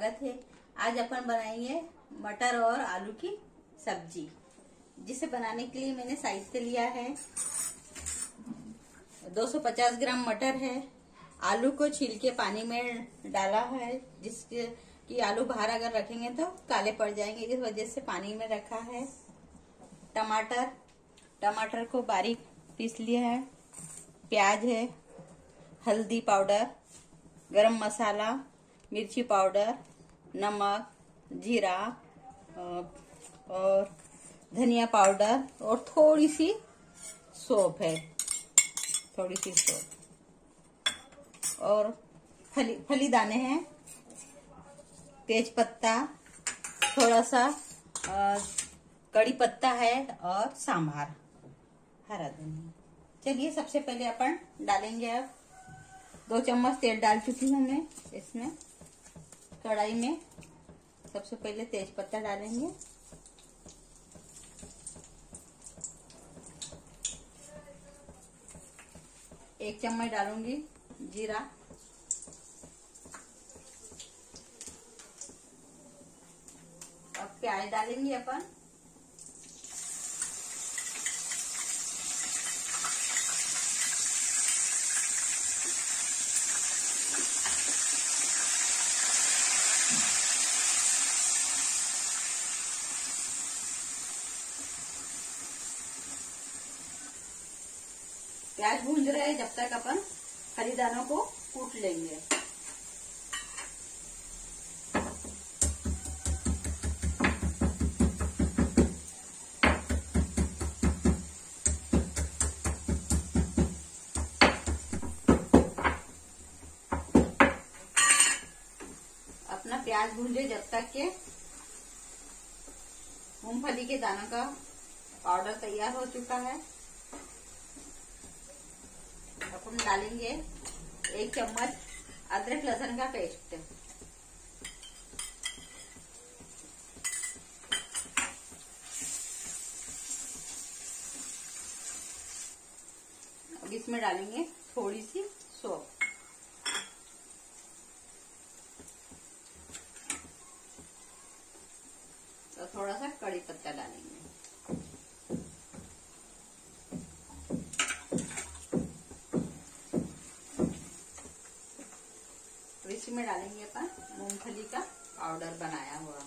स्वागत है आज अपन बनाएंगे मटर और आलू की सब्जी जिसे बनाने के लिए मैंने साइज से लिया है 250 ग्राम मटर है आलू को छील के पानी में डाला है जिसके कि आलू बाहर अगर रखेंगे तो काले पड़ जाएंगे इस वजह से पानी में रखा है टमाटर टमाटर को बारीक पीस लिया है प्याज है हल्दी पाउडर गरम मसाला मिर्ची पाउडर नमक जीरा और धनिया पाउडर और थोड़ी सी सोप है थोड़ी सी सोप और फली फली दाने हैं तेज पत्ता थोड़ा सा कड़ी पत्ता है और सांभार हरा धनिया चलिए सबसे पहले अपन डालेंगे अब दो चम्मच तेल डाल चुकी हूँ मैं इसमें कढ़ाई में सबसे पहले तेज पत्ता डालेंगे एक चम्मच डालूंगी जीरा और प्याज डालेंगे अपन प्याज भूंज रहे हैं जब तक अपन हरी दानों को कूट लेंगे अपना प्याज भूंजे जब तक के मूंगफली के दानों का पाउडर तैयार हो चुका है हम डालेंगे एक चम्मच अदरक लहसन का पेस्ट अब इसमें डालेंगे थोड़ी सी सौंफ पाउडर बनाया हुआ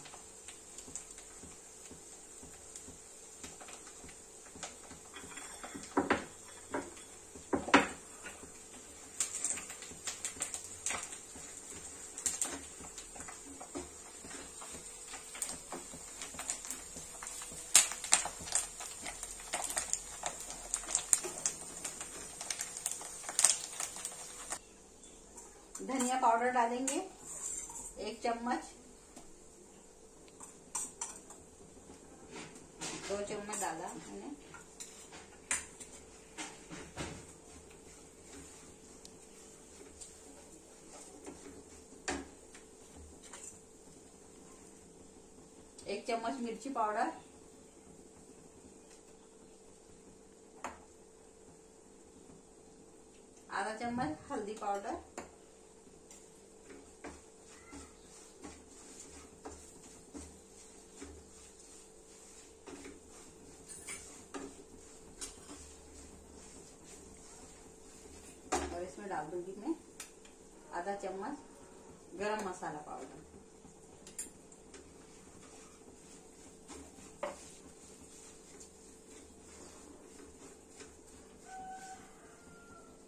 धनिया पाउडर डालेंगे एक चम्मच दो चम्मच डाला मैंने एक चम्मच मिर्ची पाउडर आधा चम्मच हल्दी पाउडर इसमें डाल दूंगी मैं आधा चम्मच गरम मसाला पाउडर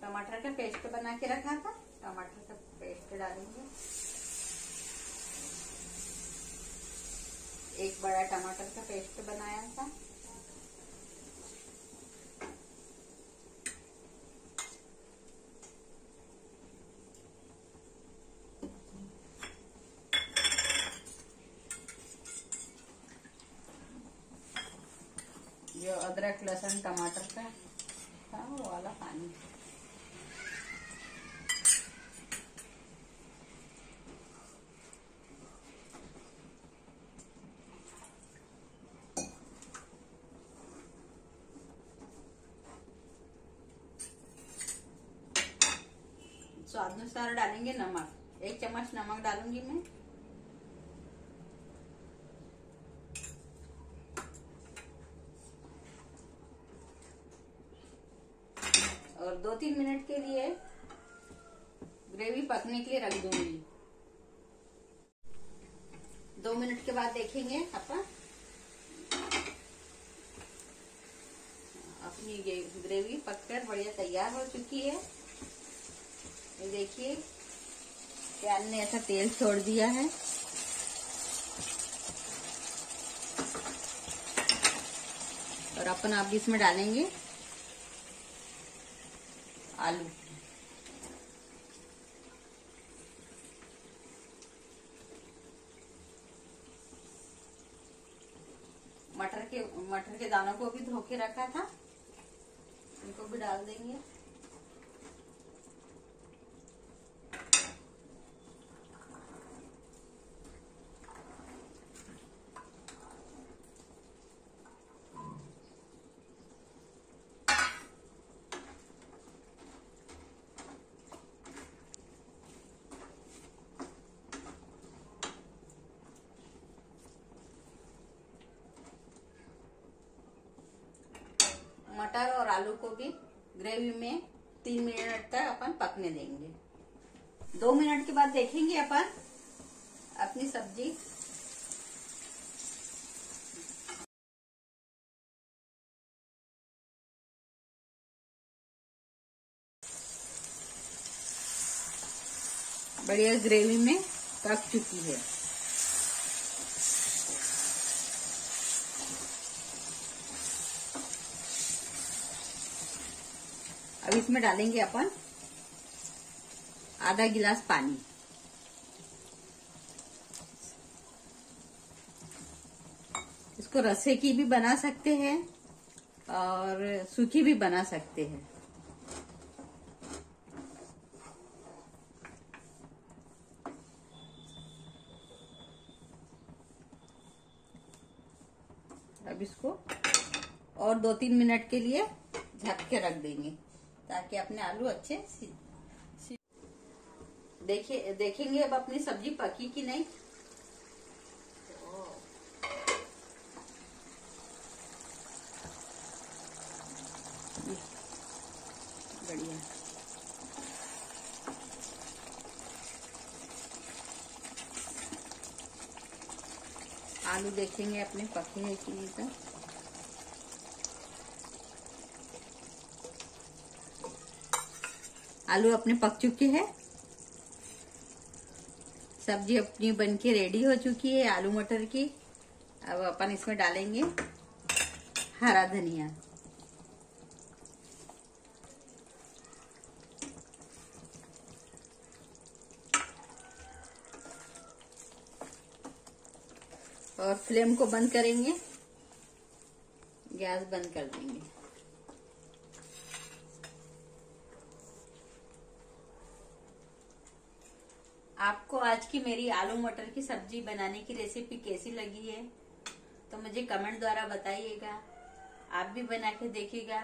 टमाटर का पेस्ट बना के रखा था टमाटर का पेस्ट डालेंगे एक बड़ा टमाटर का पेस्ट बनाया था अदरक लहसुन टमाटर का था हाँ, वो वाला पानी स्वाद अनुसार डालेंगे नमक एक चम्मच नमक डालूंगी मैं दो तीन मिनट के लिए ग्रेवी पकने के लिए रख दूंगी दो मिनट के बाद देखेंगे अपन अपनी ग्रेवी पककर बढ़िया तैयार हो चुकी है ये देखिए प्याज ने ऐसा तेल छोड़ दिया है और अपन आप इसमें डालेंगे आलू मटर के मटर के दानों को भी धो के रखा था इनको भी डाल देंगे मटर और आलू को भी ग्रेवी में तीन मिनट तक अपन पकने देंगे दो मिनट के बाद देखेंगे अपन अपनी सब्जी बढ़िया ग्रेवी में पक चुकी है अब इसमें डालेंगे अपन आधा गिलास पानी इसको रसे की भी बना सकते हैं और सूखी भी बना सकते हैं अब इसको और दो तीन मिनट के लिए ढक के रख देंगे ताकि अपने आलू अच्छे देखिए देखेंगे अब अपनी सब्जी पकी कि नहीं बढ़िया आलू देखेंगे अपने पके है कि नहीं तो आलू अपने पक चुके हैं सब्जी अपनी बन के रेडी हो चुकी है आलू मटर की अब अपन इसमें डालेंगे हरा धनिया और फ्लेम को बंद करेंगे गैस बंद कर देंगे आपको आज की मेरी आलू मटर की सब्जी बनाने की रेसिपी कैसी लगी है तो मुझे कमेंट द्वारा बताइएगा आप भी बना के देखिएगा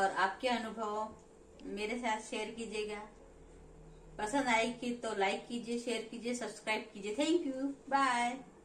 और आपके अनुभव मेरे साथ शेयर कीजिएगा पसंद आएगी तो लाइक कीजिए शेयर कीजिए सब्सक्राइब कीजिए थैंक यू बाय